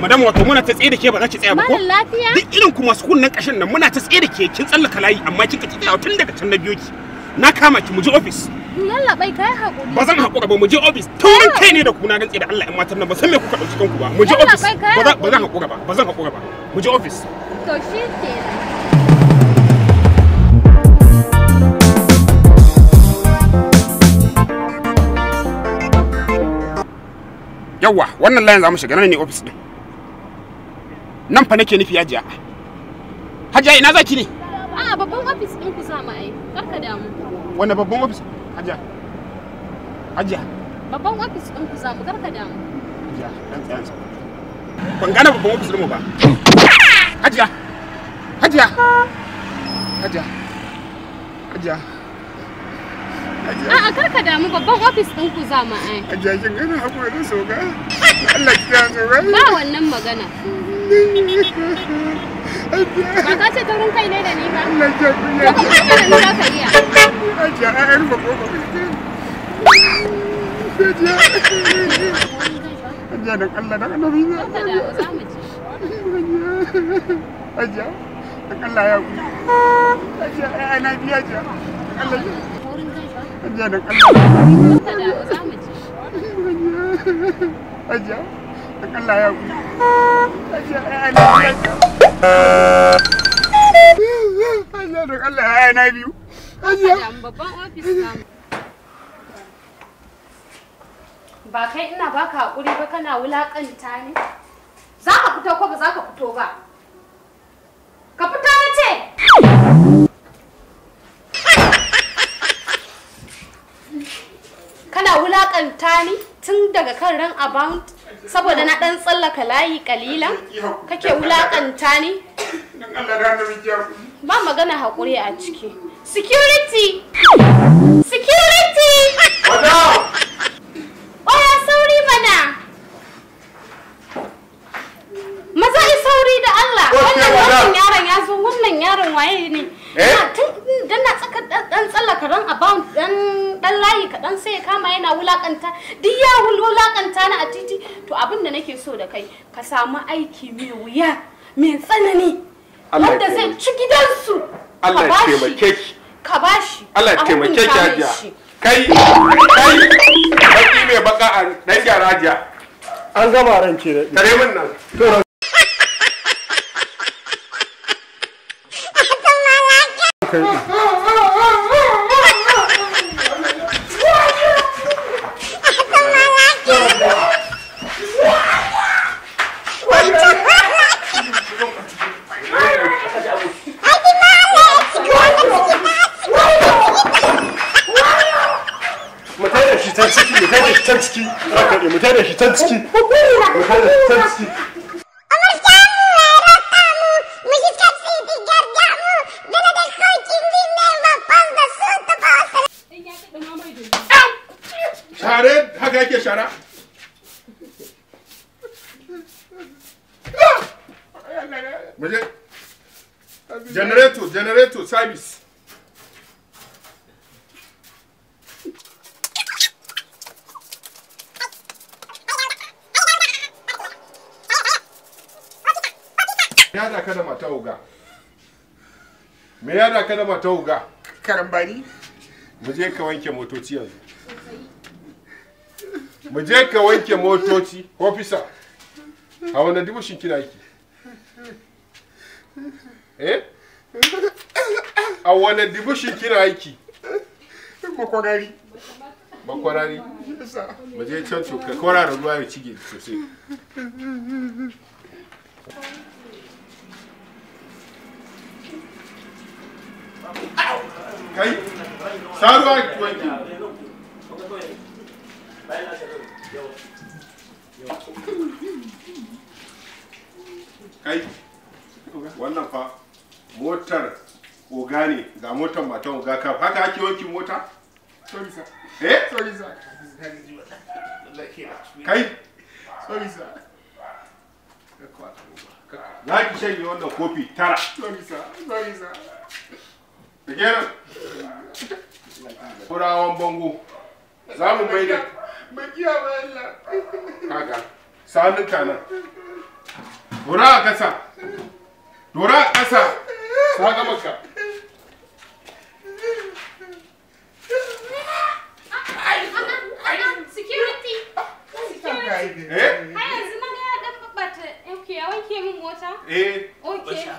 madam wato muna ta tsaye da ke ba za ki tsaya ba ko lafiya duk irin ku masu kunnan kashin nan muna ta tsaye da ke kin tsallaka layi amma kin ka tsaya tun daga can na biyo ki na kama ki mu je office yalla bai kai hakuri ba zan hakura ba mu je office taurin kai ne da ku na rantsi da Allah in matar nan ba san me kuka dauki kanku ba mu je office ba zan hakura ba ba zan hakura ba mu je office to shi ke yawwa wannan layin za mu shiga nan ne ofis din nan fa nake nufi hajiya hajiya ina zaki ne a babban ofis din ku sa mu ai karka damu wanda babban ofis hajiya hajiya babban ofis din ku sa mu karka damu hajiya dan tsayan sa ban gana babban ofis din mu ba hajiya hajiya hajiya hajiya A'a karka damu babban ofis din ku za mu ai. Hajiya kin gana hakuri da soga. Allah ya soga. Ba wannan magana. ba kai ne ba ko ba ko ba ne. da ba kai ina baka hakuri ba kana wulakanta ne za ka fito ko ba za ka fito ba ka fita na ce kana wulakanta ne tun daga kan ran abound saboda na dan tsallaka layi kalilan kake wulakanta ni ba magana hakuri a ciki security security oya sauri bana maza yi sauri da Allah wannan wannan yaron ya zo wannan yaron waye ne eh? dan na tsaka dan tsallaka ran about dan dan layi kadan sai ya kama yana wulakanta duk ya wulakanta ni a titi abin da nake so da kai ka samu aiki mai wuya mai tsanani wanda zai ci gidansu Allah ya taimake ki ka bashi Allah ya taimake ki hajiya kai kai baki mai baka a dan gyara hajiya an gama ran ce da kare min nan to can ciki haka ne mu tare shi mu Generator, generator service. me ya da da uga me ya da da mata uga karambari mu je ka wanke motoci yanzu mu je ka wanke motoci officer a wannan dibushin kina yake eh a wane dibushin kina aiki makwarari makwarari ba je can ka kwarara ruwa ya cige sosai kai saruwa kai wannan fa motar oga ne ga motar matan oga ka haka ake wankin mota eh kai za ki shanye wannan kofi tara da gyara turawan bango za mu mai da bakiya ba Allah kaga a ƙasa dora a ƙasa ta ga maka Eh? Har yanzu na mota? Eh. Okay.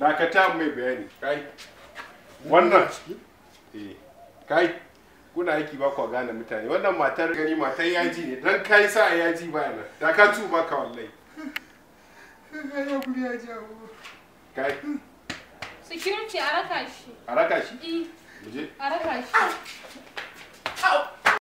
dakata mai bayani kai wannan eh. kai kuna aiki ba kwa gane mutane wannan matar gani matar yaji ne dan kai sa a yaji ba yana da ka tu ba ka wallahi kai security a raka shi a raka shi eh a raka shi